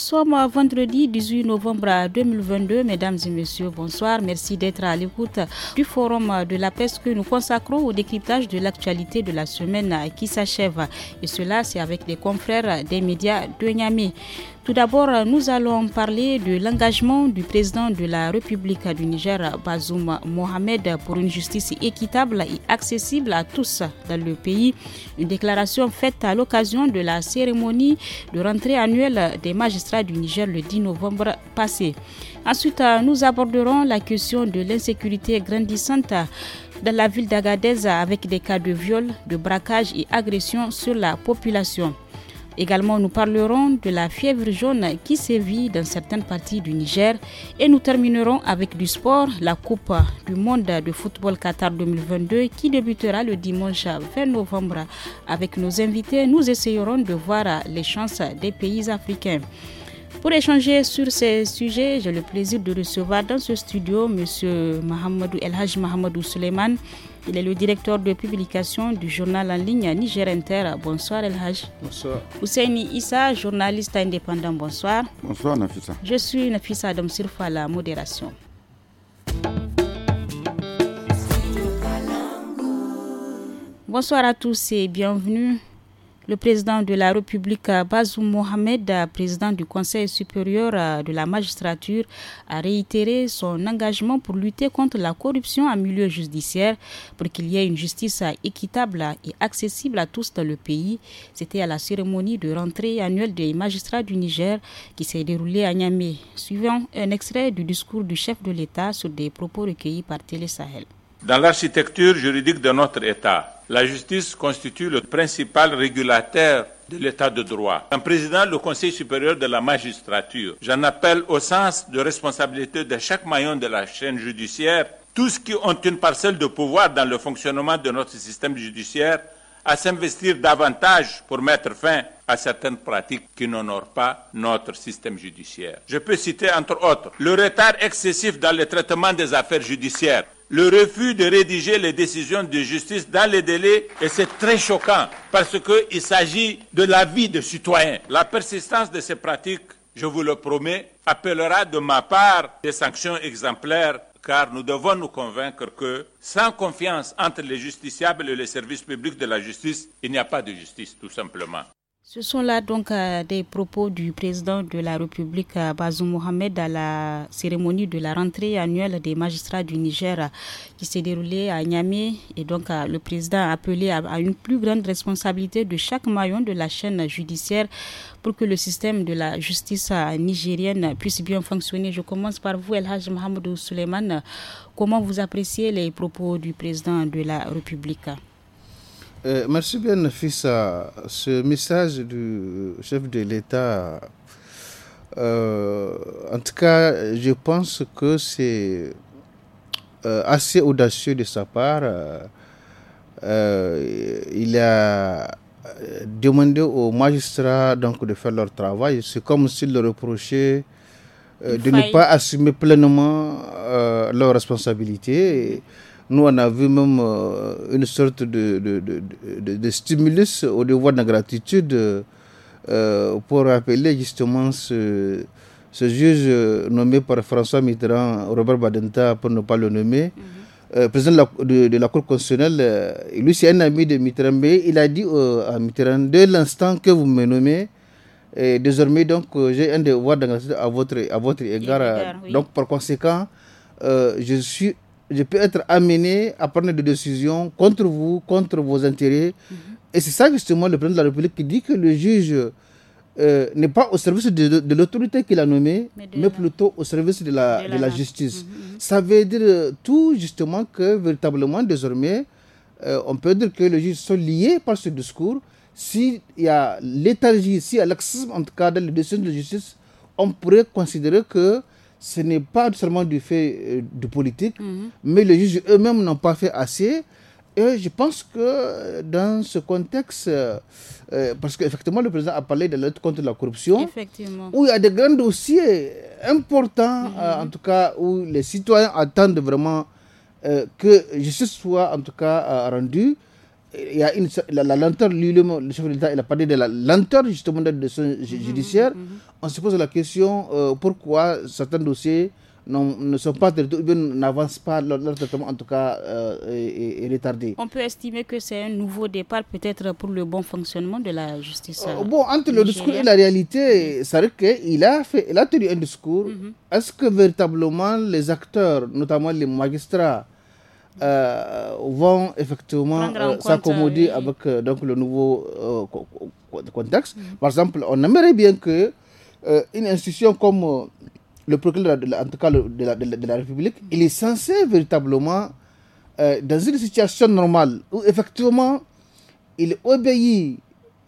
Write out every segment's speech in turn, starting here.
sommes vendredi 18 novembre 2022. Mesdames et messieurs, bonsoir. Merci d'être à l'écoute du forum de la peste que nous consacrons au décryptage de l'actualité de la semaine qui s'achève. Et cela, c'est avec les confrères des médias de Niamey. Tout d'abord, nous allons parler de l'engagement du président de la République du Niger, Bazoum Mohamed, pour une justice équitable et accessible à tous dans le pays. Une déclaration faite à l'occasion de la cérémonie de rentrée annuelle des magistrats du Niger le 10 novembre passé. Ensuite, nous aborderons la question de l'insécurité grandissante dans la ville d'Agadez avec des cas de viol, de braquage et agression sur la population. Également, nous parlerons de la fièvre jaune qui sévit dans certaines parties du Niger et nous terminerons avec du sport, la Coupe du monde de football Qatar 2022 qui débutera le dimanche 20 novembre. Avec nos invités, nous essayerons de voir les chances des pays africains. Pour échanger sur ces sujets, j'ai le plaisir de recevoir dans ce studio M. El Haj Mahamadou Suleiman, il est le directeur de publication du journal en ligne Niger Inter. Bonsoir El Haj. Bonsoir. Ousseini Issa, journaliste indépendant. Bonsoir. Bonsoir Nafisa. Je suis Nafisa Adam Sirfa à la modération. Bonsoir à tous et bienvenue le président de la République, Bazou Mohamed, président du Conseil supérieur de la magistrature, a réitéré son engagement pour lutter contre la corruption en milieu judiciaire, pour qu'il y ait une justice équitable et accessible à tous dans le pays. C'était à la cérémonie de rentrée annuelle des magistrats du Niger qui s'est déroulée à Niamey. Suivant un extrait du discours du chef de l'État sur des propos recueillis par Télé Sahel. Dans l'architecture juridique de notre État, la justice constitue le principal régulateur de l'état de droit. En président le Conseil supérieur de la magistrature, j'en appelle au sens de responsabilité de chaque maillon de la chaîne judiciaire, tous qui ont une parcelle de pouvoir dans le fonctionnement de notre système judiciaire, à s'investir davantage pour mettre fin à certaines pratiques qui n'honorent pas notre système judiciaire. Je peux citer entre autres le retard excessif dans le traitement des affaires judiciaires, le refus de rédiger les décisions de justice dans les délais, et c'est très choquant parce qu'il s'agit de la vie de citoyens. La persistance de ces pratiques, je vous le promets, appellera de ma part des sanctions exemplaires car nous devons nous convaincre que sans confiance entre les justiciables et les services publics de la justice, il n'y a pas de justice, tout simplement. Ce sont là donc euh, des propos du président de la République, euh, Bazoum Mohamed, à la cérémonie de la rentrée annuelle des magistrats du Niger euh, qui s'est déroulée à Niamey. Et donc, le président a appelé à, une plus grande responsabilité de chaque maillon de la chaîne judiciaire pour que le système de la justice nigérienne puisse bien fonctionner. Je commence par vous, El Mohamedou Suleiman. Comment vous appréciez les propos du président de la République? Euh, merci bien, Fissa. Ce message du chef de l'État, euh, en tout cas, je pense que c'est euh, assez audacieux de sa part. il a demandé aux magistrats donc, de faire leur travail. C'est comme s'il le reprochait de ne pas assumer pleinement leurs responsabilités. Nous, on a vu même euh, une sorte de, de, de, de, stimulus au devoir de gratitude euh, euh, pour rappeler justement ce, ce, juge nommé par François Mitterrand, Robert Badenta, pour ne pas le nommer, mhm. président de la, Cour constitutionnelle. lui, c'est un ami de Mitterrand, mais il a dit à Mitterrand, dès l'instant que vous me nommez, et désormais, donc, j'ai un devoir d'ingratitude à votre, à votre égard. Donc, par conséquent, je suis je peux être amené à prendre des décisions contre vous, contre vos intérêts. Mhm. Et c'est ça justement le président de la République qui dit que le juge euh, n'est pas au service de, l'autorité qu'il a nommée, mais, plutôt au service de la, justice. Mhm, mhm. Ça veut dire euh, tout justement que véritablement désormais, euh, on peut dire que les juges sont liés par ce discours. S'il y a léthargie, s'il y a laxisme en tout cas dans les décisions de justice, on pourrait considérer que ce n'est pas seulement du fait euh, de politique, mhm. mais les juges eux-mêmes n'ont pas fait assez. Et je pense que dans ce contexte, euh, euh, parce qu'effectivement, le président a parlé de lutte contre la corruption, où il y a des grands dossiers importants, mhm. en tout cas, où les citoyens attendent vraiment que justice soit, en tout cas, rendue il y a la, lenteur, lui, le, le, chef de l'État, il a parlé de la lenteur justement de son mhm, judiciaire. Mhm. On se pose la question euh, pourquoi certains dossiers ne sont pas n'avancent pas, leur, traitement en tout cas est, euh, retardé. On peut estimer que c'est un nouveau départ peut-être pour le bon fonctionnement de la justice. Euh, bon, entre le discours et la réalité, c'est vrai qu'il a, fait, il a tenu un discours. Mhm. Est-ce que véritablement les acteurs, notamment les magistrats, euh, vont effectivement euh, s'accommoder avec euh, donc, le nouveau contexte. Mm. Par exemple, on aimerait bien que une institution comme le procureur, de la, en tout cas de, la, République, mm. il est censé véritablement, dans une situation normale, où effectivement, il obéit,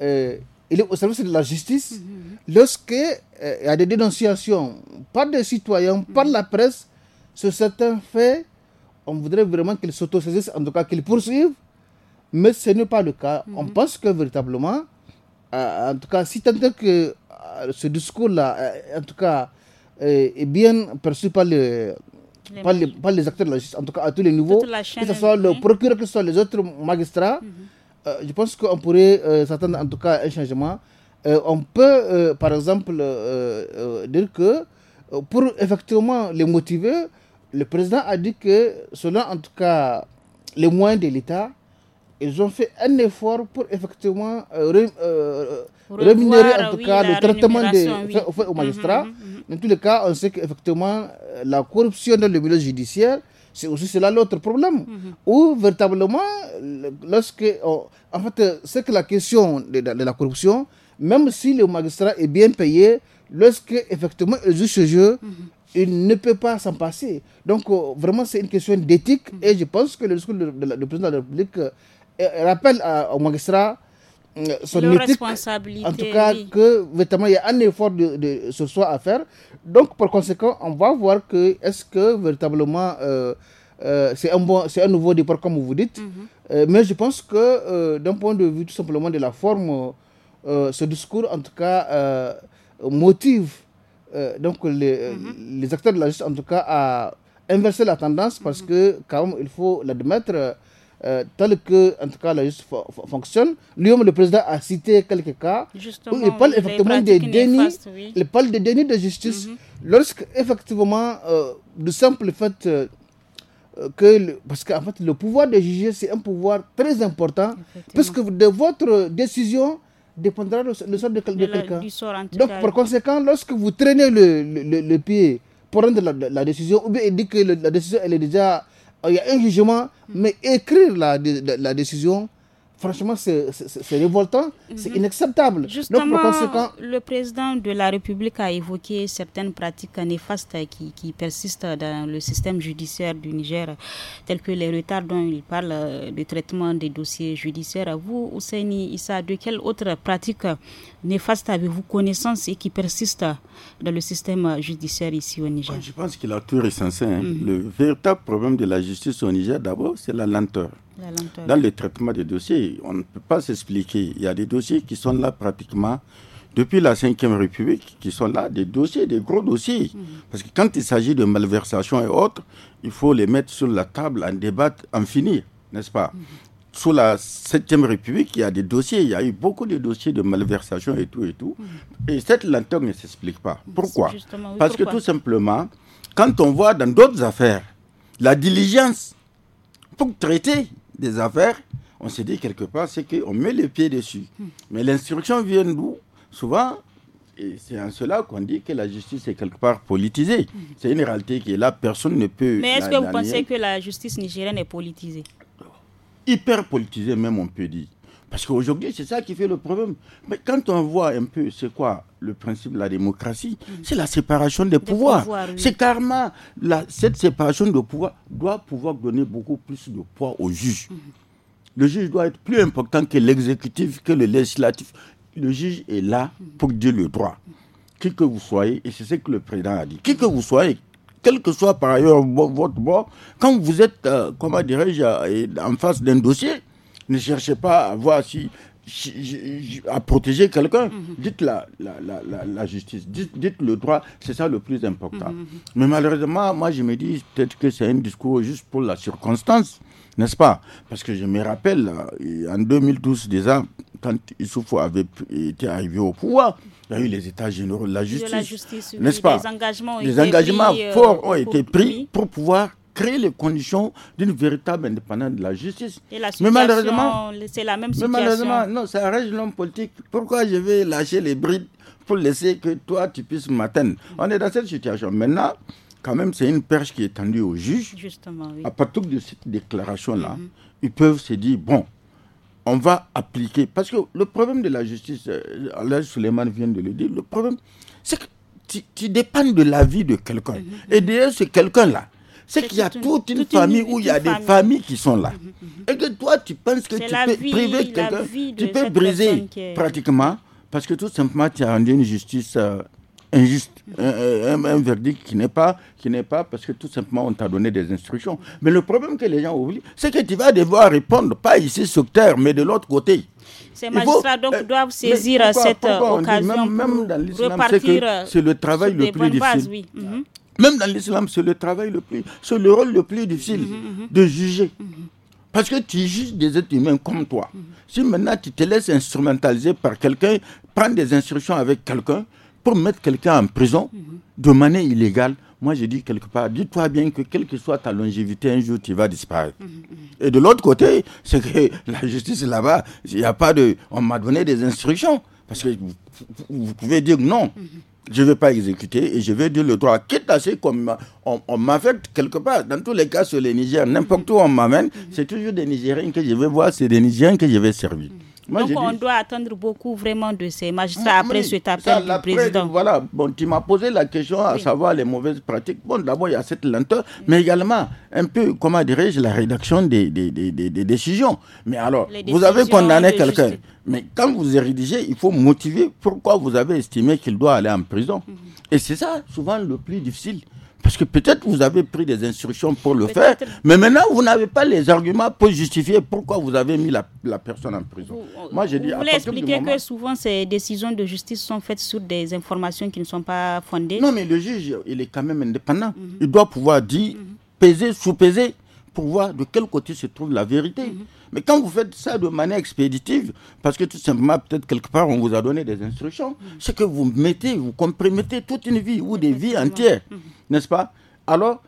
il est au service de la justice, mm-hmm. lorsque il y a des dénonciations par des citoyens, par mm-hmm. la presse, sur certains faits on voudrait vraiment qu'ils s'autosaisissent, en tout cas qu'ils poursuivent, mais ce n'est pas le cas. Mhm. On pense que véritablement, euh, en tout cas, si tant que euh, ce discours-là, euh, en tout cas, est bien perçu par les, acteurs de la justice, en tout cas à tous les niveaux, que ce soit le procureur, que ce soit les autres magistrats, mhm. je pense qu'on pourrait s'attendre en tout cas à un changement. on peut, par exemple, dire que pour effectivement les motiver, le président a dit que, selon en tout cas les moyens de l'État, ils ont fait un effort pour effectivement euh, euh, euh, rémunérer en tout cas le traitement des oui. magistrats. Mhm, mhm, mhm. Dans tous les cas, on sait qu'effectivement, la corruption dans le milieu judiciaire, c'est aussi cela l'autre problème. Ou véritablement, lorsque. en fait, c'est que la question de, la corruption, même si le magistrat est bien payé, lorsque effectivement il joue ce jeu, il ne peut pas s'en passer. Donc, euh, vraiment, c'est une question d'éthique. Mm. Et je pense que le discours du président de la République euh, euh, rappelle au magistrat son Leur En tout cas, que il y a un effort de, ce soir à faire. Donc, par conséquent, on va voir que est-ce que véritablement. c'est un, bon, nouveau départ, comme vous dites. Mm-hmm. mais je pense que, d'un point de vue tout simplement de la forme, ce discours, en tout cas, motive euh, donc les, euh, mhm. les, acteurs de la justice, en tout cas, à inversé la tendance parce mhm. que, quand même, il faut l'admettre, euh, tel que, en tout cas, la justice fonctionne. Lui-même, le président a cité quelques cas où il parle effectivement des dénis, des dénis de justice. Mhm. Lorsque, effectivement, euh, simple fait que, parce qu'en fait, le pouvoir de juger, c'est un pouvoir très important, puisque de votre décision, dépendra le, de, quelqu'un. Donc, par conséquent, lorsque vous traînez le, le, le pied pour rendre la, décision, ou bien il dit que la décision, elle est déjà. Il y a un jugement, mm. mais écrire la, la décision, franchement, c'est révoltant, c'est mhm. inacceptable. Justement, le président de la République a évoqué certaines pratiques néfastes qui, persistent dans le système judiciaire du Niger, tels que les retards dont il parle de traitement des dossiers judiciaires. Vous, Ousseini Issa, de quelles autres pratiques néfastes avez-vous connaissance et qui persistent dans le système judiciaire ici au Niger Je pense que a tout est hein. mhm. Le véritable problème de la justice au Niger, d'abord, c'est la lenteur dans le traitement des dossiers. On ne peut pas s'expliquer. Il y a des dossiers qui sont là pratiquement depuis la Ve République, qui sont là des dossiers, des gros dossiers. Mhm. Parce que quand il s'agit de malversations et autres, il faut les mettre sur la table, en débattre, en finir, n'est-ce pas mhm. Sous la 7 République, il y a des dossiers, il y a eu beaucoup de dossiers de malversations et tout et tout. Mhm. Et cette lenteur ne s'explique pas. Pourquoi Parce que tout simplement, quand on voit dans d'autres affaires, la diligence pour traiter, des affaires, on se dit quelque part, c'est qu'on met les pieds dessus. Hmm. Mais l'instruction vient d'où Souvent, et c'est en cela qu'on dit que la justice est quelque part politisée. Hmm. C'est une réalité qui est là, personne ne peut. Mais est-ce que vous pensez que la justice nigérienne est politisée Hyper politisée, même, on peut dire. Parce qu'aujourd'hui, c'est ça qui fait le problème. Mais quand on voit un peu c'est quoi le principe de la démocratie, mm. c'est la séparation des, pouvoirs. C'est karma. cette séparation de pouvoirs doit pouvoir donner beaucoup plus de poids au juge. Mm. Le juge doit être plus important que l'exécutif, que le législatif. Le juge est là mm. pour dire le droit. Qui que vous soyez, et c'est ce que le président a dit, qui que vous soyez, quel que soit par ailleurs votre bord, quand vous êtes, euh, comment dirais-je, euh, en face d'un dossier, ne cherchez pas à voir si à protéger quelqu'un. Mm-hmm. Dites la, la, justice, dites, le droit, c'est ça le plus important. Mm-hmm, mm-hmm. Mais malheureusement, moi je me dis peut-être que c'est un discours juste pour la circonstance, n'est-ce pas Parce que je me rappelle, euh, en 2012 déjà, quand Issoufou avait été arrivé au pouvoir, il y a eu les États généraux la justice, n'est-ce pas Les engagements, les engagements euh, forts ont été pris pour pouvoir créer les conditions d'une véritable indépendance de la justice. Et mais malheureusement, c'est la même situation. Mais malheureusement, non, ça un l'homme politique. Pourquoi je vais lâcher les brides pour laisser que toi, tu puisses m'atteindre On est dans cette situation. Maintenant, quand même, c'est une perche qui est tendue au juge. Justement, oui. À partir de cette déclaration-là, mm-hmm. ils peuvent se dire, bon, on va appliquer. Parce que le problème de la justice, euh, Alain Suleiman vient de le dire, le problème, c'est que tu, dépends de l'avis de quelqu'un. Mm-hmm. Et d'ailleurs, ce quelqu'un-là, c'est qu'il y a toute une, famille où il y a des familles qui sont là. Mm-hmm, mm-hmm. Et que toi, tu penses que tu peux priver quelqu'un, tu peux briser pratiquement, parce que tout simplement, tu as rendu une justice euh, injuste, un, verdict qui n'est pas, qui n'est pas, parce que tout simplement, on t'a donné des instructions. Mais le problème que les gens oublient, c'est que tu vas devoir répondre, pas ici sur terre, mais de l'autre côté. Ces magistrats donc euh, doivent saisir cette occasion même, dans repartir euh, c'est le travail le plus difficile. Mm-hmm. Même dans l'islam, c'est le travail le plus, c'est le rôle le plus difficile mhm, mhm, mhm. de juger. Parce que tu juges des êtres humains comme toi. Si maintenant tu te laisses instrumentaliser par quelqu'un, prendre des instructions avec quelqu'un pour mettre quelqu'un en prison de manière illégale, moi je dis quelque part, dis-toi bien que quelle que soit ta longévité, un jour tu vas disparaître. Et de l'autre côté, c'est que la justice là-bas, il n'y a pas de. On m'a donné des instructions. Parce que vous pouvez dire non je ne vais pas exécuter et je vais dire le droit, quitte à ce qu'on on, m'affecte quelque part. Dans tous les cas, sur les Niger, n'importe où on m'amène, c'est toujours des Nigériens que je vais voir, c'est des Nigériens que je vais servir. Donc on doit attendre beaucoup vraiment de ces magistrats mm, après ce cet président. Voilà, bon, tu m'as posé la question à savoir les mauvaises pratiques. Bon, d'abord, il y a cette lenteur, mais également un peu, comment dirais-je, la rédaction des, des, des, des, décisions. Mais alors, vous avez condamné quelqu'un, mais quand vous rédigez, il faut motiver pourquoi vous avez estimé qu'il doit aller en prison. Mhm. Et c'est ça, souvent, le plus difficile. Parce que peut-être vous avez pris des instructions pour le faire, mais maintenant vous n'avez pas les arguments pour justifier pourquoi vous avez mis la, personne en prison. Vous, Moi, je dis, voulez expliquer que souvent ces décisions de justice sont faites sur des informations qui ne sont pas fondées Non, mais le juge, il est quand même indépendant. Mhm. Il doit pouvoir dire, mhm. peser, sous-peser, pour voir de quel côté se trouve la vérité. Mhm. Mais quand vous faites ça de manière expéditive, parce que tout simplement, peut-être quelque part, on vous a donné des instructions, mm. c'est que vous mettez, vous compromettez toute une vie ou des vies entières, mm. n'est-ce pas Alors,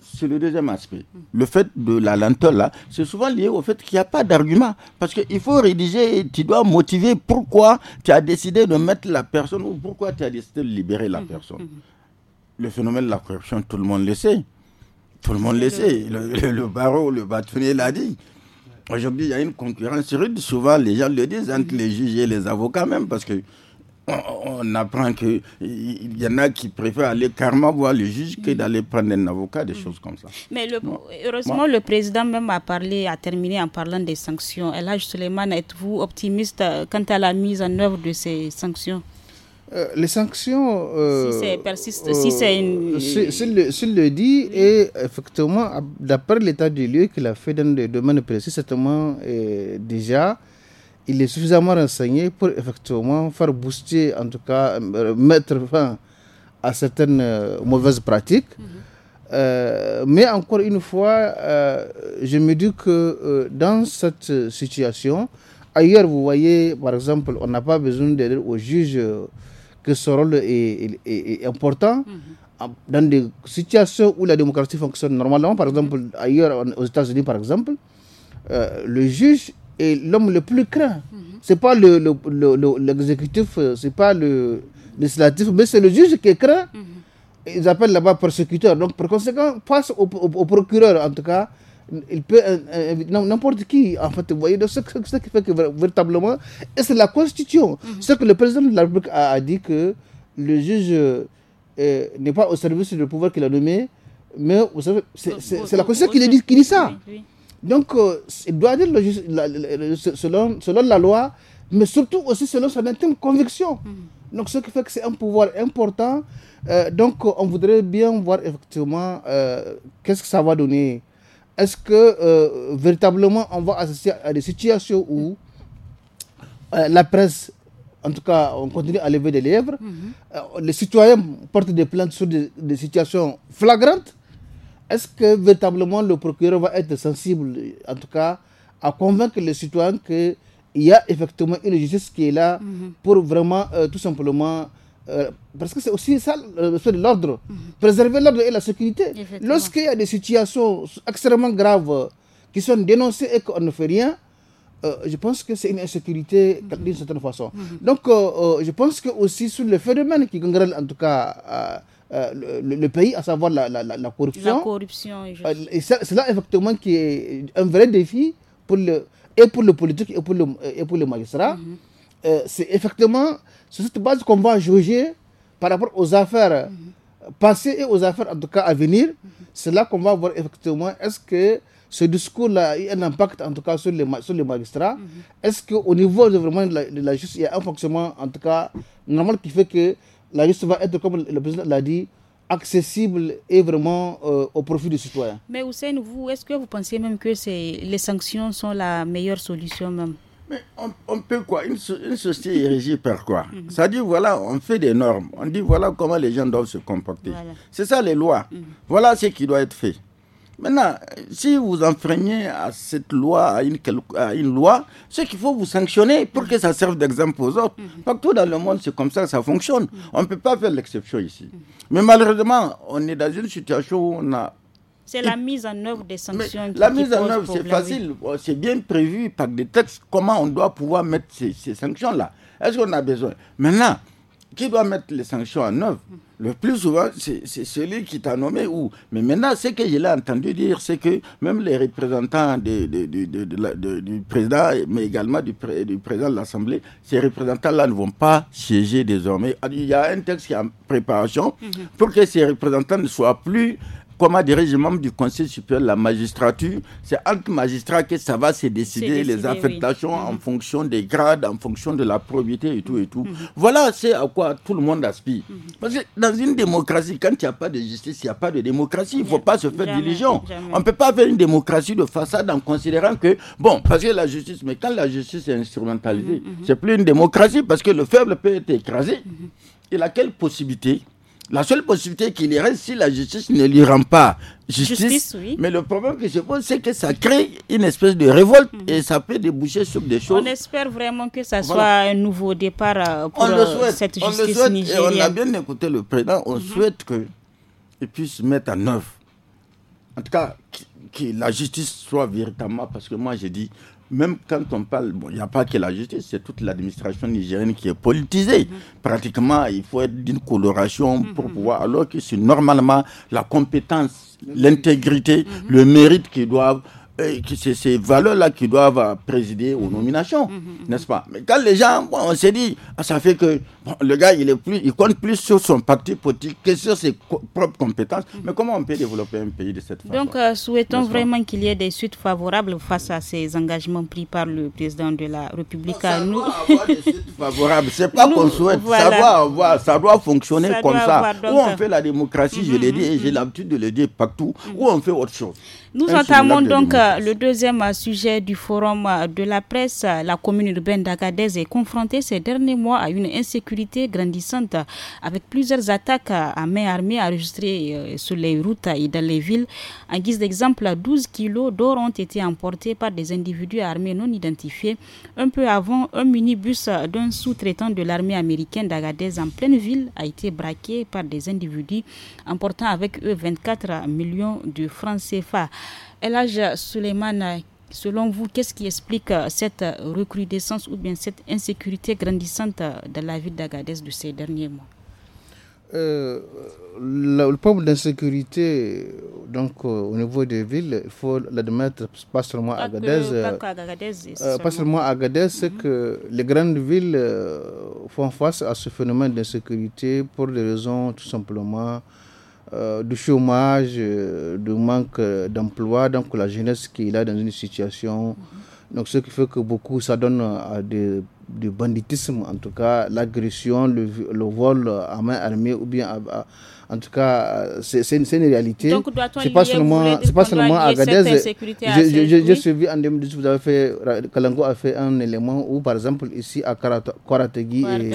c'est le deuxième aspect. Mm. Le fait de la lenteur, là, c'est souvent lié au fait qu'il n'y a pas d'argument. Parce qu'il faut rédiger, tu dois motiver pourquoi tu as décidé de mettre la personne ou pourquoi tu as décidé de libérer la personne. Le phénomène de la corruption, tout le monde le sait. Tout le monde le sait. Le, le barreau, le bâtonnier l'a dit. Aujourd'hui, il y a une concurrence rude. Souvent, les gens le disent entre les juges et les avocats même, parce que on, apprend qu'il y en a qui préfèrent aller carrément voir le juge que mm. d'aller prendre un avocat, des mm. choses comme ça. Mais heureusement, le président même a parlé, a terminé en parlant des sanctions. Et là, justement, êtes-vous optimiste euh, quant à la mise en œuvre de ces sanctions euh, les sanctions. Euh, si si persiste, euh, si c'est une. S'il le, le, dit, et effectivement, d'après l'état du lieu qu'il a fait dans le domaine précis, certainement, déjà, il est suffisamment renseigné pour effectivement faire booster, en tout cas, mettre fin à certaines mauvaises pratiques. Mhm. mais encore une fois, je me dis que dans cette situation, ailleurs, vous voyez, par exemple, on n'a pas besoin d'aller au juge que ce rôle est, important. Mhm. Dans des situations où la démocratie fonctionne normalement, par exemple ailleurs aux États-Unis, par exemple, euh, le juge est l'homme le plus craint. Mhm. C'est pas l'exécutif, le, le, euh, c'est pas le législatif, mais c'est le juge qui est craint. Mhm. Ils appellent là-bas persécuteur. Donc, par conséquent, passe au procureur, en tout cas, il peut euh, euh, n'importe qui en fait vous voyez donc ce, qui fait que véritablement et c'est la constitution mhm. ce que le président de la République a, dit que le juge euh, n'est pas au service du pouvoir qu'il a nommé mais c'est la constitution qui dit, qui dit ça donc il doit dire le selon, selon la loi mais surtout aussi selon son intime conviction mhm. donc ce qui fait que c'est un pouvoir important donc on voudrait bien voir effectivement qu'est-ce que ça va donner est-ce que euh, véritablement on va associer à des situations où euh, la presse, en tout cas, on continue à lever des lèvres, mhm. euh, les citoyens portent des plaintes sur des, situations flagrantes Est-ce que véritablement le procureur va être sensible, en tout cas, à convaincre les citoyens qu'il y a effectivement une justice qui est là mhm. pour vraiment, tout simplement, euh, parce que c'est aussi ça euh, de l'ordre, mhm. préserver l'ordre et la sécurité. Lorsqu'il y a des situations extrêmement graves euh, qui sont dénoncées et qu'on ne fait rien, je pense que c'est une insécurité mhm. d'une certaine façon. Mhm. Donc, je pense que aussi sur le phénomène qui gangrène en tout cas le, pays, à savoir la, corruption. La corruption, c'est là effectivement qui est un vrai défi pour le, et pour le politique et pour le, et pour magistrat. Euh, c'est effectivement sur cette base qu'on va juger par rapport aux affaires mhm. passées et aux affaires en tout cas à venir. Mhm. C'est là qu'on va voir effectivement est-ce que ce discours-là a eu un impact en tout cas sur les, sur les magistrats. Mhm. Est-ce qu'au niveau de, vraiment la, justice, il y a un fonctionnement en tout cas normal qui fait que la justice va être, comme le président l'a dit, accessible et vraiment euh, au profit du citoyen. Mais Hussein, vous, est-ce que vous pensez même que les sanctions sont la meilleure solution même mais on, peut quoi une, société est régie par quoi mhm. Ça dit, voilà, on fait des normes. On dit, voilà comment les gens doivent se comporter. C'est ça les lois. Mhm. Voilà ce qui doit être fait. Maintenant, si vous enfreignez à cette loi, à une, à une loi, c'est qu'il faut vous sanctionner pour que ça serve d'exemple aux autres. Mhm. Partout dans le monde, c'est comme ça ça fonctionne. On ne peut pas faire l'exception ici. Mais malheureusement, on est dans une situation où on a c'est la mise en œuvre des sanctions. la mise en œuvre, c'est facile. Euh, c'est bien prévu par des textes comment on doit pouvoir mettre ces, sanctions-là. Est-ce qu'on a besoin Maintenant, qui doit mettre les sanctions en œuvre Le plus souvent, c'est celui qui t'a nommé. Ou... Mais maintenant, ce que je l'ai entendu dire, c'est que même les représentants du président, mais également du président de l'Assemblée, ces représentants-là ne vont pas siéger désormais. Ah, il y a un texte qui est en préparation mm-hmm. pour que ces représentants ne soient plus comment dirais le membre du Conseil supérieur de la magistrature, c'est entre magistrats que ça va se décider, les affectations en mhm. fonction des grades, en fonction de la probité et tout et tout. Mhm. Voilà c'est à quoi tout le monde aspire. Mhm. Parce que dans une démocratie, quand il n'y a pas de justice, il n'y a pas de démocratie. Il ne faut pas se faire diligent. On ne peut pas faire une démocratie de façade en considérant que, bon, parce que la justice, mais quand la justice est instrumentalisée, c'est plus une démocratie parce que le faible peut être écrasé. Il a quelle possibilité la seule possibilité qu'il y reste, si la justice ne lui rend pas justice, mais le problème que je pose, c'est que ça crée une espèce de révolte mm. et ça peut déboucher sur des choses. On espère vraiment que ça soit un nouveau départ euh, pour euh, cette justice on le souhaite, Et on a bien écouté le président, on mm-hmm. souhaite qu'il puisse mettre en œuvre, en tout cas, que la justice soit véritablement, parce que moi j'ai dit, même quand on parle, il n'y a pas que la justice, c'est toute l'administration nigérienne qui est politisée. Mm-hmm. Pratiquement, il faut être d'une coloration mm-hmm. pour pouvoir, alors que c'est normalement la compétence, l'intégrité, mm-hmm. le mérite qui doivent c'est ces valeurs-là qui doivent présider aux nominations, mhm, mhm. n'est-ce pas Mais quand les gens, on s'est dit, ah, ça fait que le gars, il, est plus, il compte plus sur son parti politique que sur ses propres compétences. Mhm. Mais comment on peut développer un pays de cette façon Donc, euh, souhaitons vraiment qu'il y ait des suites favorables face à ces engagements pris par le président de la République. ça nous... doit avoir des suites favorables. C'est pas qu'on souhaite. Ça, doit ça doit fonctionner comme ça. Où on fait la démocratie, je l'ai dit, et j'ai l'habitude de le dire partout, où on fait autre chose. Nous entamons donc le deuxième euh, sujet du forum euh, de la presse. Euh, la commune urbaine d'Agadez est confrontée ces derniers mois à une insécurité grandissante avec plusieurs attaques à main armée enregistrées sur les routes et dans les villes. En guise d'exemple, 12 kilos d'or ont été emportés par des individus armés non identifiés. Un peu avant, un minibus d'un sous-traitant de l'armée américaine d'Agadez en pleine ville a été braqué par des individus emportant avec eux 24 millions de francs CFA. Elage Suleiman, selon vous, qu'est-ce qui explique euh, cette recrudescence ou bien cette insécurité grandissante euh, dans la ville d'Agadez de ces derniers mois euh, le, problème d'insécurité donc au niveau des villes, il faut l'admettre, pas seulement à Agadez. pas, seulement. Agadez, c'est mhm. que les grandes villes font face à ce phénomène d'insécurité pour des raisons tout simplement euh, du chômage, euh, du manque euh, d'emploi, donc la jeunesse qui est là dans une situation. Mm-hmm. Donc ce qui fait que beaucoup, ça donne à du banditisme, en tout cas l'agression, le, vol à main armée, ou bien en tout cas, c'est une, réalité. Donc, c'est pas seulement, pas seulement à J'ai suivi en 2010, vous avez fait, Kalango a fait un élément où, par exemple, ici à Karategui, et.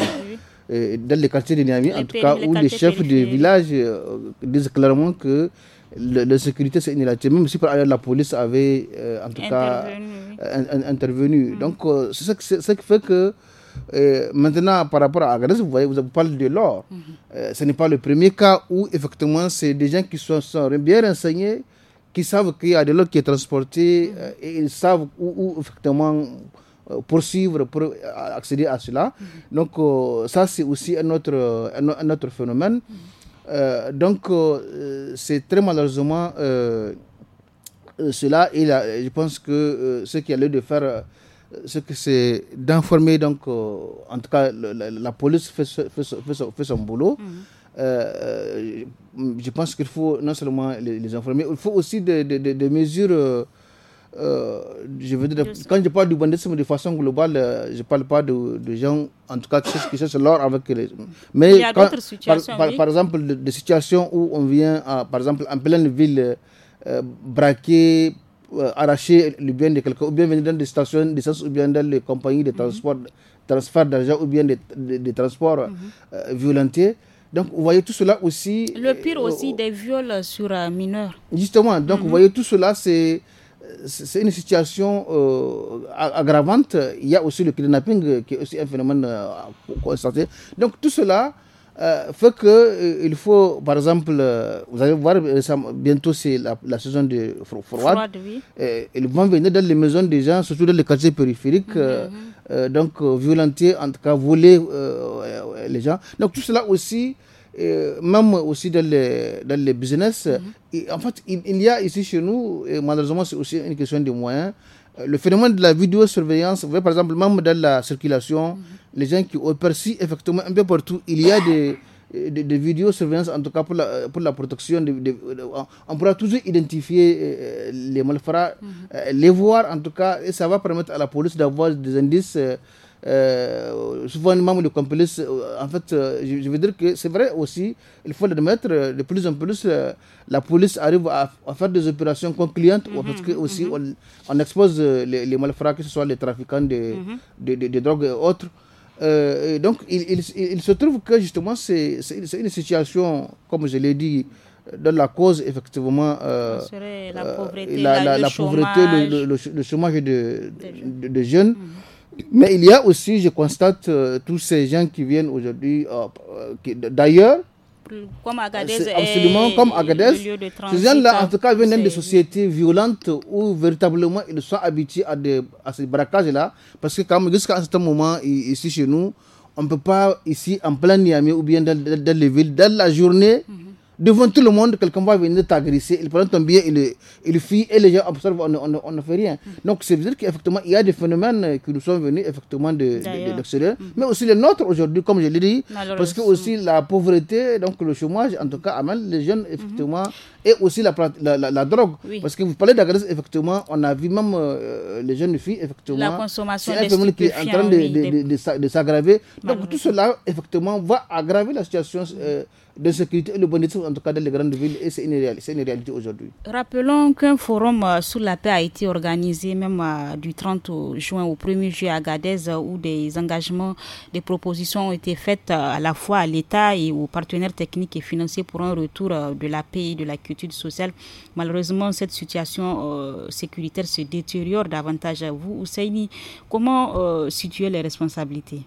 Euh, dans les quartiers de Niamey, en tout cas, où les chefs de village euh, disent clairement que la sécurité, c'est inélatée, Même si par ailleurs la police avait, euh, en tout intervenu. cas, intervenu. Mm. Donc, c'est ça, ce qui fait que maintenant, par rapport à Agadez, vous voyez, vous parlez de l'or. Mm-hmm. ce n'est pas le premier cas où, effectivement, c'est des gens qui sont, bien renseignés, qui savent qu'il y a de l'or qui est transporté, mm-hmm. et ils savent où, où effectivement, euh, poursuivre pour euh, accéder à cela. Donc euh, ça, c'est aussi un autre, autre phénomène. donc c'est très malheureusement cela et je pense que ce qu'il y a lieu de faire, ce que c'est d'informer, donc en tout cas la, police fait, fait, son, boulot. Mm-hmm. je pense qu'il faut non seulement les, informer, il faut aussi des, des, des mesures euh, je veux dire, quand je parle du banditisme de façon globale, euh, je ne parle pas de, gens, en tout cas, qui cherchent l'or avec les. Mais Il y a par, par, exemple, des de situations où on vient, par exemple, en pleine ville, euh, braquer, arracher le bien de quelqu'un, ou bien venir dans des stations ou bien dans les compagnies de transport, mhm. transfert d'argent, ou bien des, transports mhm. Donc, vous voyez tout cela aussi. Le pire aussi des viols sur mineurs. Justement, donc, vous mhm. voyez tout cela, c'est c'est une situation euh, aggravante. Il y a aussi le kidnapping euh, qui est aussi un phénomène euh, Donc tout cela euh, fait que il faut, par exemple, vous allez voir bientôt c'est la, saison de froid, ils vont venir dans les maisons des gens, surtout dans les quartiers périphériques. Mhm, mhm. donc violenter, en tout cas voler les gens. Donc tout cela aussi euh, même aussi dans les, dans les business, mhm. en fait, il, y a ici chez nous, et malheureusement, c'est aussi une question de moyens, euh, le phénomène de la vidéosurveillance, vous voyez, par exemple, même dans la circulation, mhm. les gens qui opèrent, si effectivement, un peu partout, il y a des vidéosurveillances, en tout cas pour la, pour la protection. on pourra toujours identifier euh, les malfrats, mhm. les voir en tout cas, et ça va permettre à la police d'avoir des indices euh, souvent les membres de complice, euh, en fait, euh, je, veux dire que c'est vrai aussi, il faut le admettre, euh, de plus en plus, la police arrive à, faire des opérations concluantes mhm, parce que aussi mhm. on, expose les, les, malfrats, que ce soit les trafiquants de, mhm. de, drogue et autres. donc, il, se trouve que justement, c'est une situation, comme je l'ai dit, dans la cause, effectivement, la pauvreté, le, chômage. Le, de, jeunes. Mais il y a aussi, je constate, euh, tous ces gens qui viennent aujourd'hui euh, d'ailleurs, comme euh, Agadez. Absolument, comme Agadez. Ces gens-là, en tout cas, viennent des sociétés violentes où véritablement ils sont habitués à, des, à ces braquages-là. Parce que, jusqu'à un certain moment, ici chez nous, on ne peut pas, ici, en plein Niamey ou bien dans, les villes, dans la journée, mhm devant tout le monde, quelqu'un va venir t'agresser, il prend ton billet, il, il fuit et les gens observent, on, ne fait rien. Hmm. Donc, c'est à dire qu'effectivement, il y a des phénomènes euh, qui nous sont venus effectivement de, l'extérieur, hmm. mais aussi les nôtres aujourd'hui, comme je l'ai dit, parce que aussi la pauvreté, donc le chômage, en tout cas, amène les jeunes hmm. effectivement, et aussi la, la, la, drogue. Parce que vous parlez d'agresse, effectivement, on a vu même euh, les jeunes filles, effectivement, la consommation effectivement, qui est en train de, s'aggraver. Donc, tout cela, effectivement, va aggraver la situation. Euh, sécurité et le bonheur en cas dans les grandes villes, et c'est une, réalité aujourd'hui. Rappelons qu'un forum euh, sur la paix a été organisé même euh, du 30 juin au 1er juillet à Gadez, euh, où des engagements, des propositions ont été faites à la fois à l'État et aux partenaires techniques et financiers pour un retour de la paix et de la culture sociale. Malheureusement, cette situation sécuritaire se détériore davantage. Vous, Ousseini, comment situer les responsabilités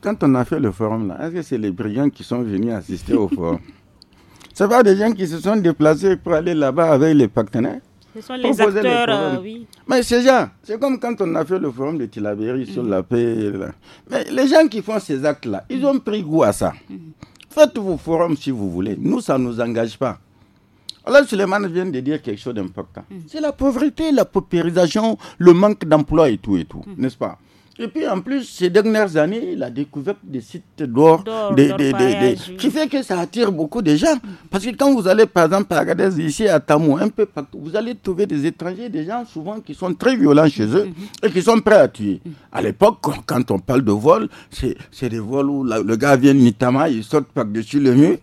quand on a fait le forum, là, est-ce que c'est les brillants qui sont venus assister au forum C'est pas des gens qui se sont déplacés pour aller là-bas avec les partenaires ce sont les acteurs, euh, oui. Mais ces gens, c'est comme quand on a fait le forum de Tilabéry mm. sur la paix. Mais les gens qui font ces actes-là, ils ont pris goût à ça. Mm. Faites vos forums si vous voulez. Nous, ça ne nous engage pas. Alors, Suleiman vient de dire quelque chose d'important. Mm. C'est la pauvreté, la paupérisation, le manque d'emploi et tout et tout, n'est-ce pas et puis en plus, ces dernières années, la découverte des sites d'or, qui fait que ça attire beaucoup de gens. Parce que quand vous allez par exemple à Agadez, ici à Tamou, un peu partout, vous allez trouver des étrangers, des gens souvent qui sont très violents chez eux mhm. et qui sont prêts à tuer. Mhm. À l'époque, quand on parle de vol, c'est des vols où le gars vient Nitama, il saute par-dessus le mur,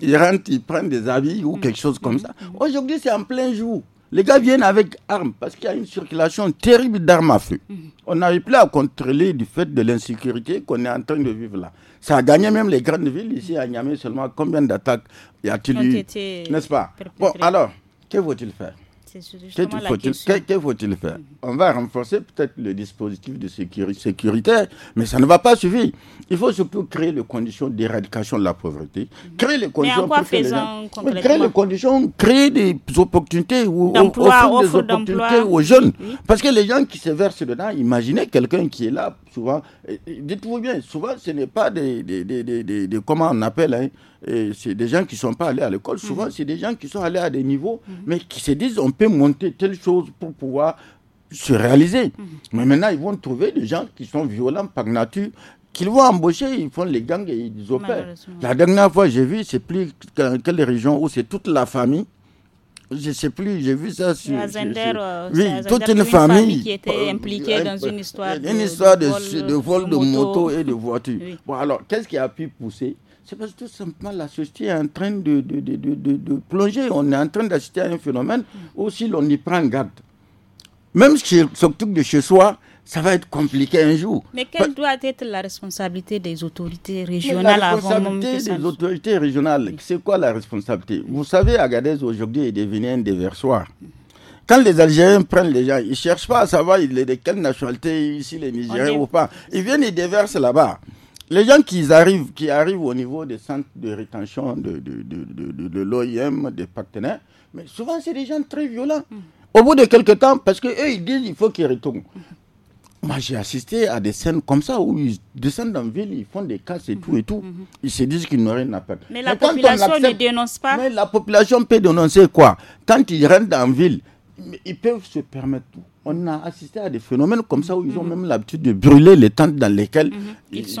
il rentre, il prend des habits ou mhm. quelque chose comme ça. Aujourd'hui, c'est en plein jour. Les gars viennent avec armes parce qu'il y a une circulation terrible d'armes à feu. Mhm. On n'arrive plus à contrôler du fait de l'insécurité qu'on est en train de vivre là. Ça a gagné même les grandes villes ici à Niamey seulement. Combien d'attaques y a-t-il eu N'est-ce pas Bon, alors, que faut-il faire c'est faut Qu'est-ce faut-il faire mm-hmm. On va renforcer peut-être le dispositif de sécurité, mais ça ne va pas suffire. Il faut surtout créer les conditions d'éradication de la pauvreté. Mm-hmm. Créer les conditions. en quoi faisons gens... Créer les conditions, créer des opportunités, ou, aux jeunes. Parce que les gens qui se versent dedans, imaginez quelqu'un qui est là souvent, dites-vous bien, souvent ce n'est pas des, des, des, des, comment on appelle, hein, c'est des gens qui ne sont pas allés à l'école, mm. souvent c'est des gens qui sont allés à des niveaux, mm. mais qui se disent on peut monter telle chose pour pouvoir se réaliser. Mm. Mais maintenant, ils vont trouver des gens qui sont violents par nature, qu'ils vont embaucher, ils font les gangs et ils opèrent. La dernière fois, j'ai vu, c'est plus quelle région où c'est toute la famille je ne sais plus, j'ai vu ça sur. Euh, oui, toute une, famille, qui était euh, impliquée euh, dans une histoire. de, de, vol, de, moto, et de voiture. Bon, alors, qu'est-ce qui a pu pousser c'est parce que tout simplement la société est en train de, de, de, de plonger. On est en train d'assister à un phénomène où si l'on y prend garde, même si ce truc de chez soi, ça va être compliqué un jour. Mais quelle doit être la responsabilité des autorités régionales la responsabilité des, autorités régionales, c'est quoi la responsabilité Vous savez, Agadez aujourd'hui est devenu un déversoir. Quand les Algériens prennent les gens, ils ne cherchent pas à savoir de quelle nationalité, ici les Nigériens ou pas. Ils viennent et déversent là-bas. Les gens qui arrivent, qui arrivent au niveau des centres de rétention de, de, de, l'OIM, des partenaires, mais souvent c'est des gens très violents. Mm. Au bout de quelques temps, parce qu'eux, ils disent qu'il faut qu'ils retournent. Moi, j'ai assisté à des scènes comme ça où ils descendent dans la ville, ils font des casses et tout et tout. Mhm, mhm. Ils se disent qu'ils n'ont rien à perdre. Mais, la population ne dénonce pas. Mais la population peut dénoncer quoi Quand ils rentrent dans la ville, ils peuvent se permettre tout. On a assisté à des phénomènes comme ça où ils ont mhm, même l'habitude de brûler les tentes dans lesquelles ils, sont,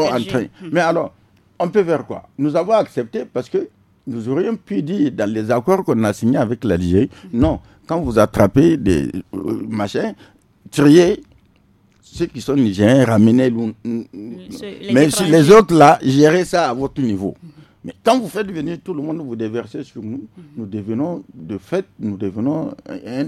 entrés. en train. Mais alors, on peut faire quoi Nous avons accepté parce que nous aurions pu dire dans les accords qu'on a signés avec l'Algérie, non, quand vous attrapez des euh, machins, trier ceux qui sont nigériens, ramenez Mais si les autres, là, gérez ça à votre niveau. Mm-hmm. Mais quand vous faites venir tout le monde, vous déversez sur nous, mm-hmm. nous devenons, de fait, nous devenons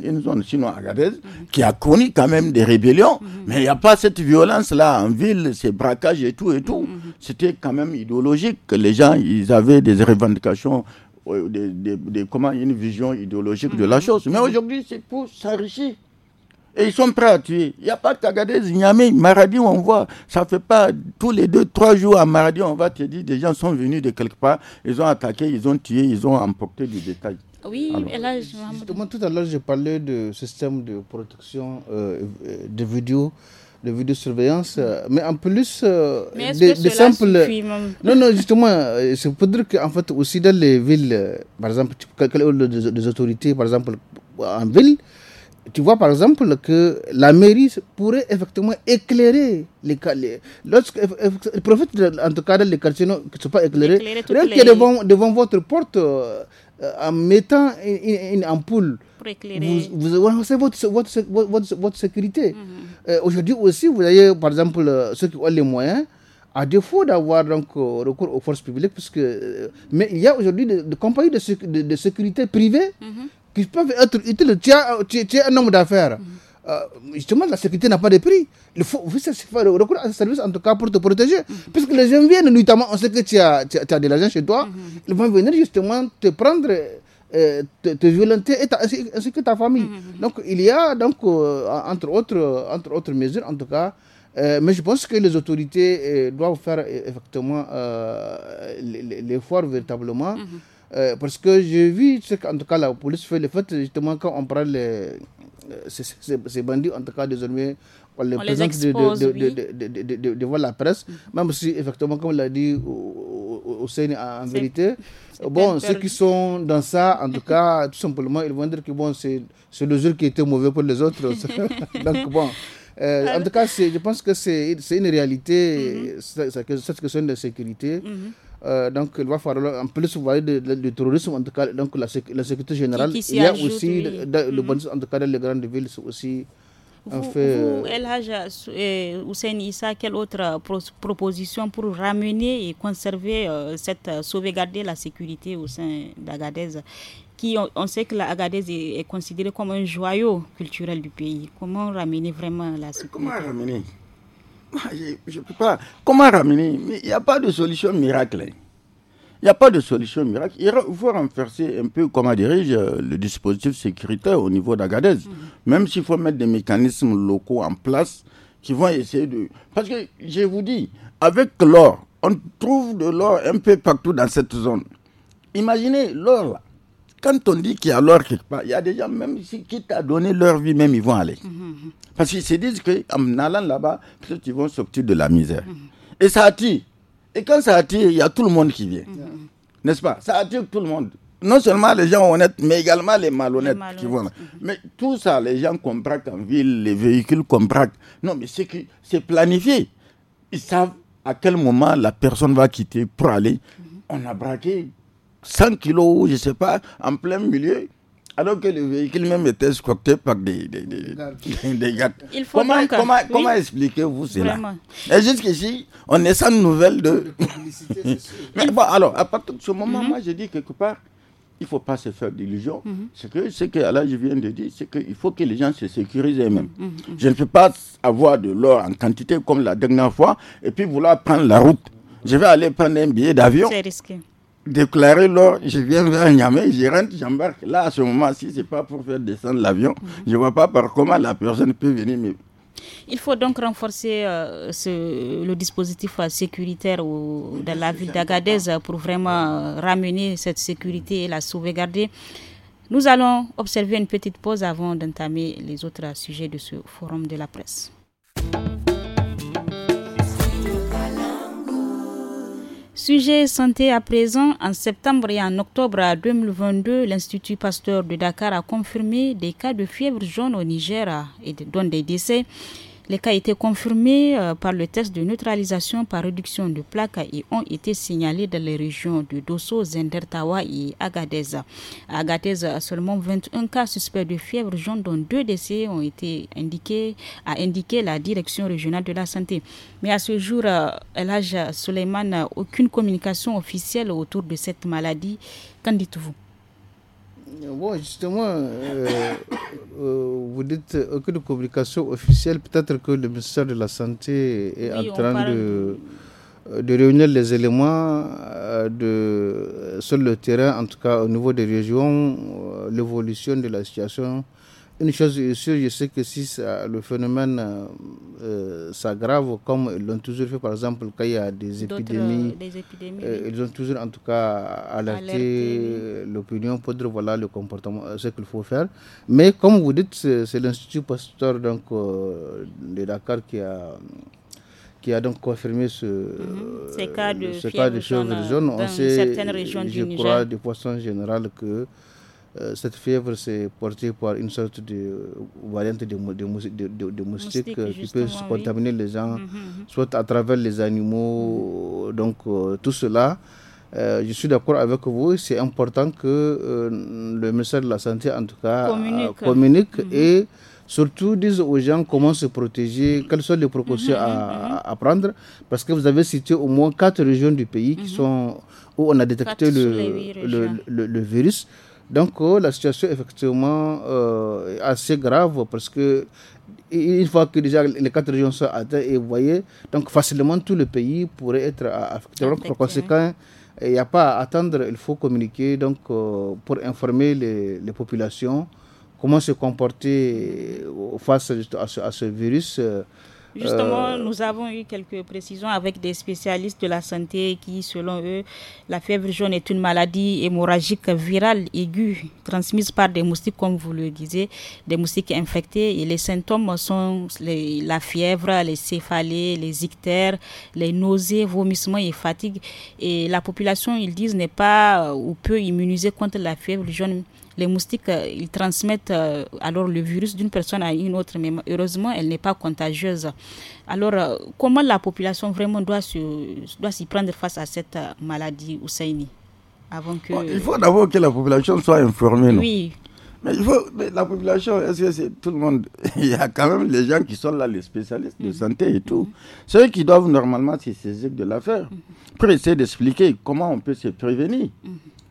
une, zone sinon Agadez, mm-hmm. qui a connu quand même des rébellions. Mais il n'y a pas cette violence-là en ville, ces braquages et tout et tout. C'était quand même idéologique. que Les gens, ils avaient des revendications euh, une vision idéologique de la chose. Mais aujourd'hui, c'est pour s'enrichir. Et ils sont prêts à tuer. Il n'y a pas que Tagadez, Niamey, Maradi, on voit. Ça fait pas tous les deux, trois jours à Maradi, on va te dire des gens sont venus de quelque part, ils ont attaqué, ils ont tué, ils ont emporté du détail. Oui, et là, je... Justement, tout à l'heure, j'ai parlé de système de protection euh, de vidéo, de vidéosurveillance, euh, mais en plus euh, de, simples. non, non, justement, euh, c'est pour dire qu'en fait, aussi dans les villes, par exemple, des autorités, par exemple, en ville, tu vois par exemple que la mairie pourrait effectivement éclairer les, les lorsque en tout cas les quartiers qui ne sont pas éclairés rien que devant, devant votre porte euh, en mettant une, ampoule vous, vous votre, sécurité mhm. euh, aujourd'hui aussi vous avez par exemple ceux qui ont les moyens à défaut d'avoir donc euh, recours aux forces publiques, mais il y a aujourd'hui des compagnies de, sécurité privées mhm qui peuvent être utiles. Tu, as, tu, es un homme d'affaires. Mm. Euh, justement, la sécurité n'a pas de prix. Il faut, recourir à ce service, en tout cas, pour te protéger. Parce mm. Puisque les gens viennent, notamment, on sait que tu as, tu de l'argent chez toi. Mm, Ils vont venir justement te prendre. Euh, te, violenter et ainsi, que ta famille. Donc il y a donc euh, entre autres entre autres mesures en tout cas mais je pense que les autorités doivent faire effectivement l'effort véritablement parce que j'ai vu en tout cas la police fait, le fait justement quand on prend les, ces, bandits, en tout cas désormais, on les présente de, de, devant la presse, même si effectivement, comme l'a dit au Hussein en vérité, bon, ceux qui sont dans ça, en tout cas, tout simplement, ils vont dire que bon, c'est le jour qui était mauvais pour les autres. Donc bon. en tout cas, je pense que c'est une réalité, cette question de sécurité. Mm euh, donc il va falloir en plus vous voyez du terrorisme en tout cas donc la, la sécurité générale il y a aussi le, le mm-hmm. en tout cas dans les grandes villes aussi vous, en fait vous, euh, El Haja euh, Issa quelle autre proposition pour ramener et conserver cette sauvegarder la sécurité au sein d'Agadez qui on, sait que l'Agadez est, est considérée comme un joyau culturel du pays comment ramener vraiment la sécurité comment ramener ah, je ne peux pas. Comment ramener Il n'y hein. a pas de solution miracle. Il n'y a pas de solution miracle. Il faut renforcer un peu, comment dirige euh, le dispositif sécuritaire au niveau d'Agadez. Mm-hmm. Même s'il faut mettre des mécanismes locaux en place qui vont essayer de. Parce que je vous dis, avec l'or, on trouve de l'or un peu partout dans cette zone. Imaginez l'or là. Quand on dit qu'il y a l'or quelque part, il y a des gens même ici qui t'a donné leur vie, même ils vont aller. Mhm, mhm. Parce qu'ils se disent qu'en allant là-bas, ils vont sortir de la misère. Mhm. Et ça attire. Et quand ça attire, il y a tout le monde qui vient. N'est-ce pas Ça attire tout le monde. Non seulement les gens honnêtes, mais également les malhonnêtes, qui vont là. Mais tout ça, les gens braque en ville, les véhicules braque. Non, mais c'est, que, c'est planifié. Ils savent à quel moment la personne va quitter pour aller. On a braqué 100 kilos je ne sais pas, en plein milieu, alors que le véhicule même était escorté par des, des, gars. Comment, comment, expliquez-vous cela Et jusqu'ici, on est sans nouvelles de... Mais bon, alors, à partir de ce moment, mhm. moi, j'ai dit quelque part, il ne faut pas se faire d'illusions. Mhm. Ce que, que là, je viens de dire, c'est qu'il faut que les gens se sécurisent eux-mêmes. Mhm, je ne peux pas avoir de l'or en quantité comme la dernière fois et puis vouloir prendre la route. Je vais aller prendre un billet d'avion. C'est risqué déclarer lors, je viens vers Niamey, je rentre, j'embarque. Là, à ce moment, si ce n'est pas pour faire descendre l'avion, mhm. je ne vois pas par comment la personne peut venir mais il faut donc renforcer euh, ce, le dispositif euh, sécuritaire dans la ville d'Agadez euh, pour vraiment ramener cette sécurité et la sauvegarder. Nous allons observer une petite pause avant d'entamer les autres sujets de ce forum de la presse. Sujet santé à présent, en septembre et en octobre 2022, l'Institut Pasteur de Dakar a confirmé des cas de fièvre jaune au Niger et dont des décès. Les cas étaient confirmés euh, par le test de neutralisation par réduction de plaques et ont été signalés dans les régions de Dosso, Zendertawa et Agadez. À a seulement 21 cas suspects de fièvre jaune, dont deux décès ont été indiqués, a indiqué la direction régionale de la santé. Mais à ce jour, euh, l'âge n'a aucune communication officielle autour de cette maladie. Qu'en dites-vous? Bon, justement, euh, euh, vous dites aucune euh, communication officielle. Peut-être que le ministère de la Santé est en train de, de réunir les éléments de, sur le terrain, en tout cas au niveau des régions, l'évolution de la situation une chose est sûre, je sais que si le phénomène euh, euh, s'aggrave, comme ils l'ont toujours fait, par exemple, quand il y a des euh, épidémies, ils ont toujours en tout cas alerté l'opinion pour dire voilà le comportement, ce qu'il faut faire. Mais comme vous dites, c'est l'Institut Pasteur donc, de Dakar qui a qui a donc confirmé ce, mhm. cas de, ce cas de On sait, je crois, de façon générale que euh, cette fièvre s'est portée par une sorte de euh, variante de, de, de, moustique, euh, qui peut contaminer les gens, mm-hmm, mm-hmm. soit à travers les animaux. Mm-hmm. Donc tout cela, je suis d'accord avec vous, c'est important que le ministère de la Santé, en tout cas, communique, et surtout dise aux gens comment se protéger, quelles sont les précautions à, prendre, parce que vous avez cité au moins quatre régions du pays qui sont où on a détecté le, le, virus. Donc euh, la situation effectivement euh, assez grave parce que une fois que déjà les quatre régions sont atteintes, et vous voyez, donc facilement tout le pays pourrait être affecté. Donc par conséquent, il n'y a pas à attendre, il faut communiquer donc euh, pour informer les, populations comment se comporter face à ce, virus. Justement, euh, nous avons eu quelques précisions avec des spécialistes de la santé qui, selon eux, la fièvre jaune est une maladie hémorragique virale aiguë transmise par des moustiques, comme vous le disiez, des moustiques infectés. Et les symptômes sont la fièvre, les céphalées, les ictères, les nausées, vomissements et fatigue. Et la population, ils disent, n'est pas euh, ou peu immunisée contre la fièvre jaune les moustiques, euh, ils transmettent euh, alors le virus d'une personne à une autre, mais heureusement, elle n'est pas contagieuse. Alors, euh, comment la population vraiment doit s'y doit prendre face à cette maladie, Ousseini avant que... il faut d'abord que la population soit informée. Oui. Mais la population, est-ce que c'est tout le monde Il y a quand même les gens qui sont là, les spécialistes de mhm. santé et tout. Mhm. Ceux qui doivent normalement se saisir de l'affaire mhm. pour essayer d'expliquer comment on peut se prévenir.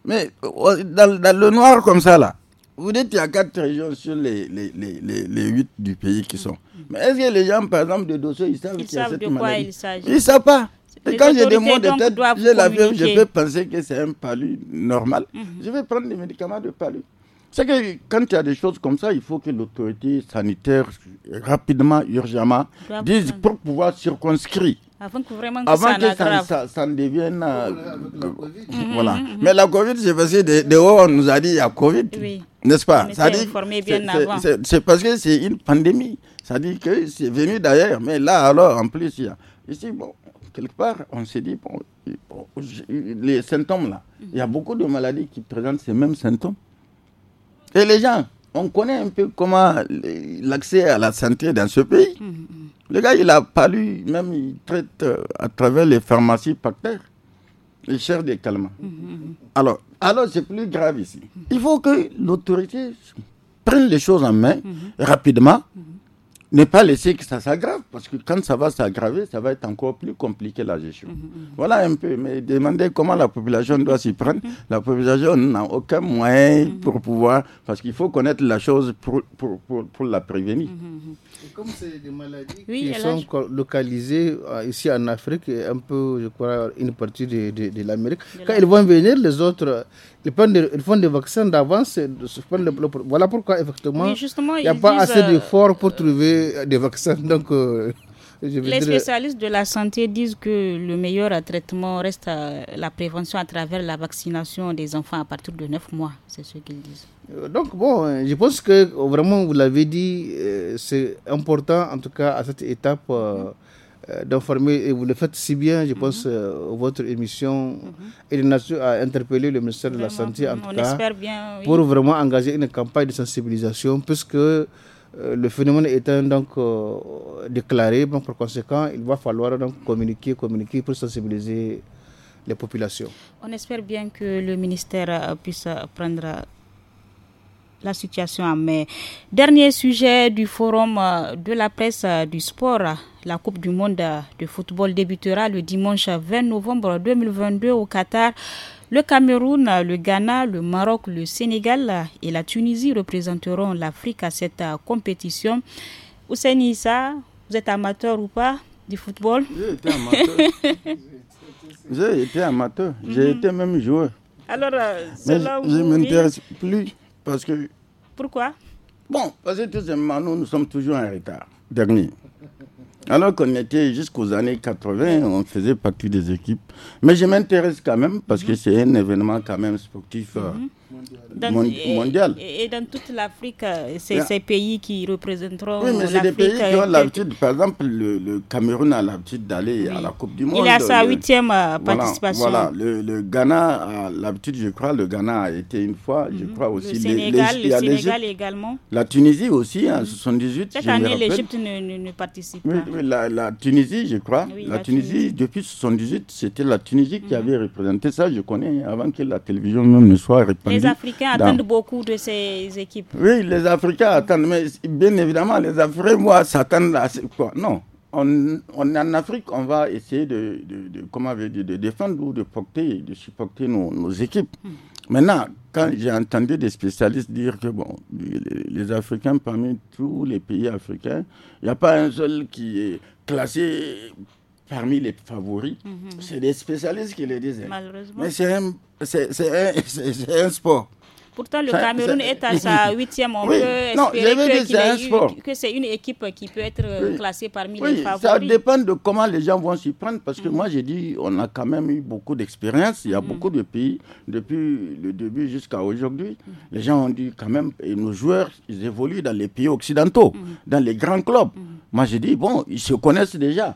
Mais euh, dans, le noir comme ça, là, vous dites qu'il y a quatre régions sur les, les, les, huit du pays qui sont. Mais est-ce que les gens, par exemple, de Dosso, ils savent, ils savent cette de quoi maladie. il s'agit Ils ne savent pas. Et quand je demande mots de tête, je vais penser que c'est un palu normal. Mhm. Je vais prendre des médicaments de palu. C'est que quand il y a des choses comme ça, il faut que l'autorité sanitaire, rapidement, urgemment, dise pour pouvoir circonscrire avant que vraiment Avant ça, que ça, ça, devienne. Euh, la Covid voilà. Mm-hmm, mm-hmm. Mais la Covid, c'est parce que dehors on nous a dit il y a Covid. N'est-ce pas C'est parce que c'est une pandémie. Ça dit que c'est venu d'ailleurs. Mais là, alors, en plus, il y a. Ici, bon, quelque part, on s'est dit, les symptômes là, il y a mm-hmm. beaucoup de maladies qui présentent ces mêmes symptômes. Et les gens, on connaît un peu comment l'accès à la santé dans ce pays. Hum, hum, hum. Le gars, il a pas lu, même il traite euh, à travers les pharmacies par terre. Il cherche des calmants. Alors, alors c'est plus grave ici. Il faut que l'autorité prenne les choses en main rapidement ne pas laisser que ça s'aggrave, parce que quand ça va s'aggraver, ça va être encore plus compliqué la gestion. Mmh, mmh, mmh. Voilà un peu, mais demander comment la population doit s'y prendre, la population n'a aucun moyen pour pouvoir, parce qu'il faut connaître la chose pour, pour, pour, pour la prévenir comme c'est des maladies qui sont localisées euh, ici en Afrique, et un peu, je crois, une partie de, l'Amérique, quand ils vont venir, les autres, ils, font ils font des vaccins d'avance. Voilà pourquoi, effectivement, il n'y a pas assez euh, d'efforts pour trouver euh, des vaccins. Donc, les spécialistes de la santé disent que le meilleur traitement reste la prévention à travers la vaccination des enfants à partir de 9 mois. C'est ce qu'ils disent. Euh, donc bon, euh, je pense que euh, vraiment, vous l'avez dit, c'est important en tout cas à cette étape d'informer et vous le faites si bien, je pense, mhm. votre émission mhm. et est de nature à interpeller le ministère de la Santé en tout cas pour vraiment engager une campagne de sensibilisation puisque le phénomène étant donc déclaré, donc par conséquent, il va falloir donc communiquer, communiquer pour sensibiliser les populations. On espère bien que le ministère puisse prendre la situation à Dernier sujet du forum euh, de la presse euh, du sport. La Coupe du monde de football débutera le dimanche 20 novembre 2022 au Qatar. Le Cameroun, le Ghana, le Maroc, le Sénégal et la Tunisie représenteront l'Afrique à cette euh, compétition. Hussein Issa, vous êtes amateur ou pas du football J'ai été amateur. J'ai été mhm. été même joueur. Alors, je ne m'intéresse plus parce que pourquoi Bon, parce que tout nous, nous sommes toujours en retard, dernier. Alors qu'on était jusqu'aux années 80, on faisait partie des équipes. Mais je m'intéresse quand même, parce que c'est un événement quand même sportif. Euh, mhm dans, Et, et, dans toute l'Afrique, euh, c'est ces pays qui représenteront. Oui, mais c'est des pays qui ont euh, l'habitude. Par exemple, le, Cameroun a l'habitude d'aller à la Coupe du Monde. Il a sa huitième euh, participation. Voilà, Le, Ghana a l'habitude, je crois. Le Ghana a été une fois, je mhm. crois aussi. Le Sénégal, le Sénégal également. La Tunisie aussi, en 78. Mhm. Cette année, l'Égypte ne, participe pas. Oui, la, la, Tunisie, je crois. la, Tunisie, depuis 78, c'était la Tunisie qui mhm. avait représenté ça. Je connais avant que la télévision même ne soit répandue. Les Africains attendent beaucoup de ces équipes. Oui, les Africains attendent, mais bien évidemment, les Africains, moi, s'attendent à quoi Non. On, on, en Afrique, on va essayer de, de comment de, défendre ou de de supporter nos, équipes. Hmm. Maintenant, quand j'ai entendu des spécialistes dire que bon, les, les Africains, parmi tous les pays africains, il n'y a pas un seul qui est classé parmi les favoris. Mhm. C'est des spécialistes qui le disent. Malheureusement. Mais c'est un, sport. Pourtant, le Cameroun est, à sa huitième. On peut espérer que, un c'est une équipe qui peut être euh, classée parmi les favoris. Ça dépend de comment les gens vont s'y prendre. Parce que mhm. moi, j'ai dit, on a quand même eu beaucoup d'expérience. Il y a mhm. beaucoup de pays, depuis le début jusqu'à aujourd'hui. Les gens ont dit quand même, nos joueurs, ils évoluent dans les pays occidentaux, dans les grands clubs. Moi, j'ai dit, bon, ils se connaissent déjà.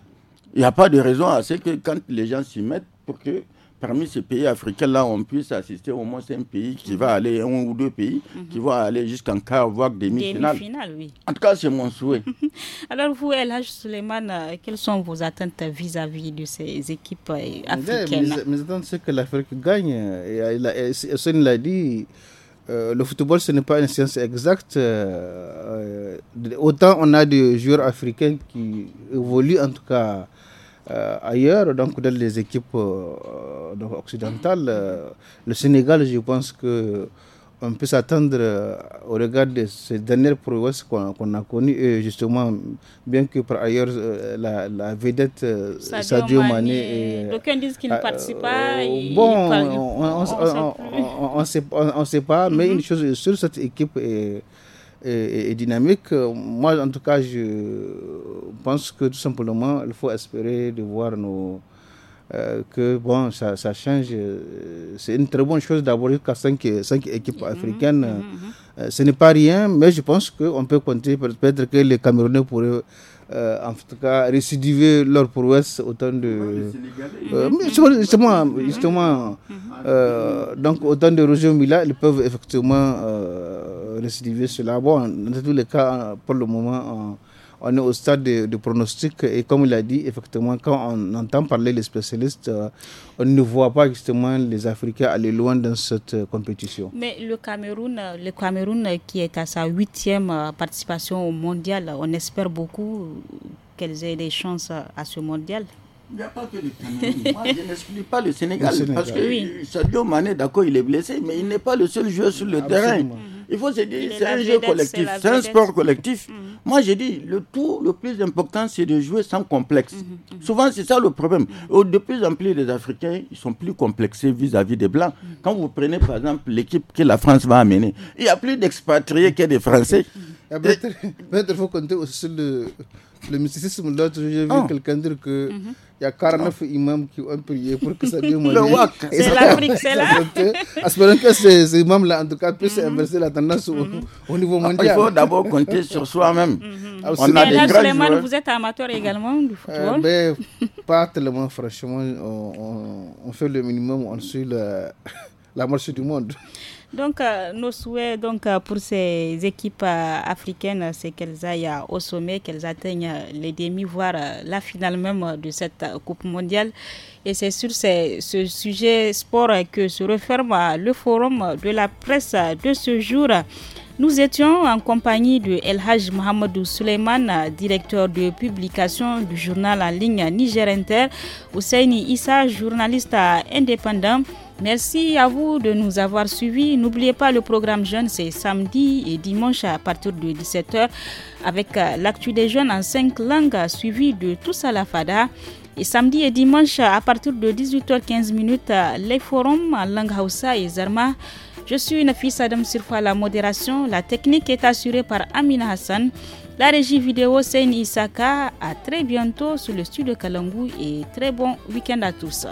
Il n'y a pas de raison à ce que quand les gens s'y mettent pour que parmi ces pays africains-là, on puisse assister au moins un pays qui va aller, un ou deux pays qui mhm. vont aller jusqu'en quart, voire demi-finale. En tout cas, c'est mon souhait. Alors, vous, Elhaj Suleiman, euh, quelles sont vos attentes vis-à-vis de ces équipes euh, eh africaines Mes attentes, c'est que l'Afrique gagne. on euh, l'a dit. le football, ce n'est pas une science exacte. autant on a des joueurs africains qui évoluent, en tout cas, euh, ailleurs, donc dans les équipes euh, occidentales, euh, le Sénégal, je pense que on peut s'attendre au regard de ces dernières prouesses qu'on a connues, et justement, bien que par ailleurs la, vedette Sadio, Mané. D'aucuns disent qu'il ne participe pas. bon, on ne sait pas, mais mhm. une chose sur cette équipe est et, dynamique. Moi, en tout cas, je pense que tout simplement, il faut espérer de voir nos, euh, que bon, ça, change. C'est une très bonne chose d'avoir 5, cinq équipes mm-hmm. africaines. Mm-hmm. Euh, ce n'est pas rien, mais je pense qu'on peut compter. Peut-être que les Camerounais pourraient. Euh, en tout cas, récidiver leur prouesse autant de. justement, justement mm-hmm. donc autant de régions là, ils peuvent effectivement récidiver Cela, bon, dans tous les cas, pour le moment, on, est au stade de, pronostic. Et comme il a dit, effectivement, quand on entend parler les spécialistes, euh, on ne voit pas justement les Africains aller loin dans cette compétition. Mais le Cameroun, le Cameroun qui est à sa huitième participation au mondial, on espère beaucoup qu'elles aient des chances à ce mondial. Il n'y a pas que le Cameroun. Moi, je n'explique pas le Sénégal, Parce que oui. Sadio Mané, d'accord, il est blessé, mais il n'est pas le seul joueur sur le terrain. Mhm. Il faut se dire, c'est un jeu collectif, c'est un sport collectif. Mm. Mm. Moi, j'ai dit, le tout, le plus important, c'est de jouer sans complexe. Mm-hmm, mm-hmm. Souvent, c'est ça le problème. Mm-hmm. Oh, de plus en plus, les Africains, ils sont plus complexés vis-à-vis des Blancs. Quand vous prenez, par exemple, l'équipe que la France va amener, il y a plus d'expatriés que des Français. Il il faut compter aussi le, le mysticisme. L'autre, j'ai vu quelqu'un dire qu'il y a 49 oh. imams qui ont prié pour que ça vienne devienne Le wak. C'est l'Afrique, c'est là. Espérons que ces, imams-là, en tout cas, puissent inverser la tendance au, niveau mondial. Il faut d'abord compter sur soi-même. On a des là, vous êtes amateur également du euh, football ben, Pas tellement, franchement. On, fait le minimum, on suit la, la marche du monde. Donc, euh, nos souhaits donc, euh, pour ces équipes euh, africaines, c'est qu'elles aillent au sommet, qu'elles atteignent les demi, voire la finale même de cette Coupe mondiale. Et c'est sur ce sujet sport que se referme le forum de la presse de ce jour. Nous étions en compagnie de El Haj Mohamedou Suleiman, directeur de publication du journal en ligne Niger Inter, Ousseini Issa, journaliste indépendant. Merci à vous de nous avoir suivis. N'oubliez pas le programme Jeunes, c'est samedi et dimanche à partir de 17h avec euh, l'actu des jeunes en cinq langues euh, suivi de tous à la fada. Et samedi et dimanche euh, à partir de 18h15 les forums en langue Hausa et Zarma. Je suis fille Adam Sirfa, la modération. La technique est assurée par Amina Hassan. La régie vidéo, c'est Isaka. À très bientôt sur le studio Kalangou et très bon week-end à tous.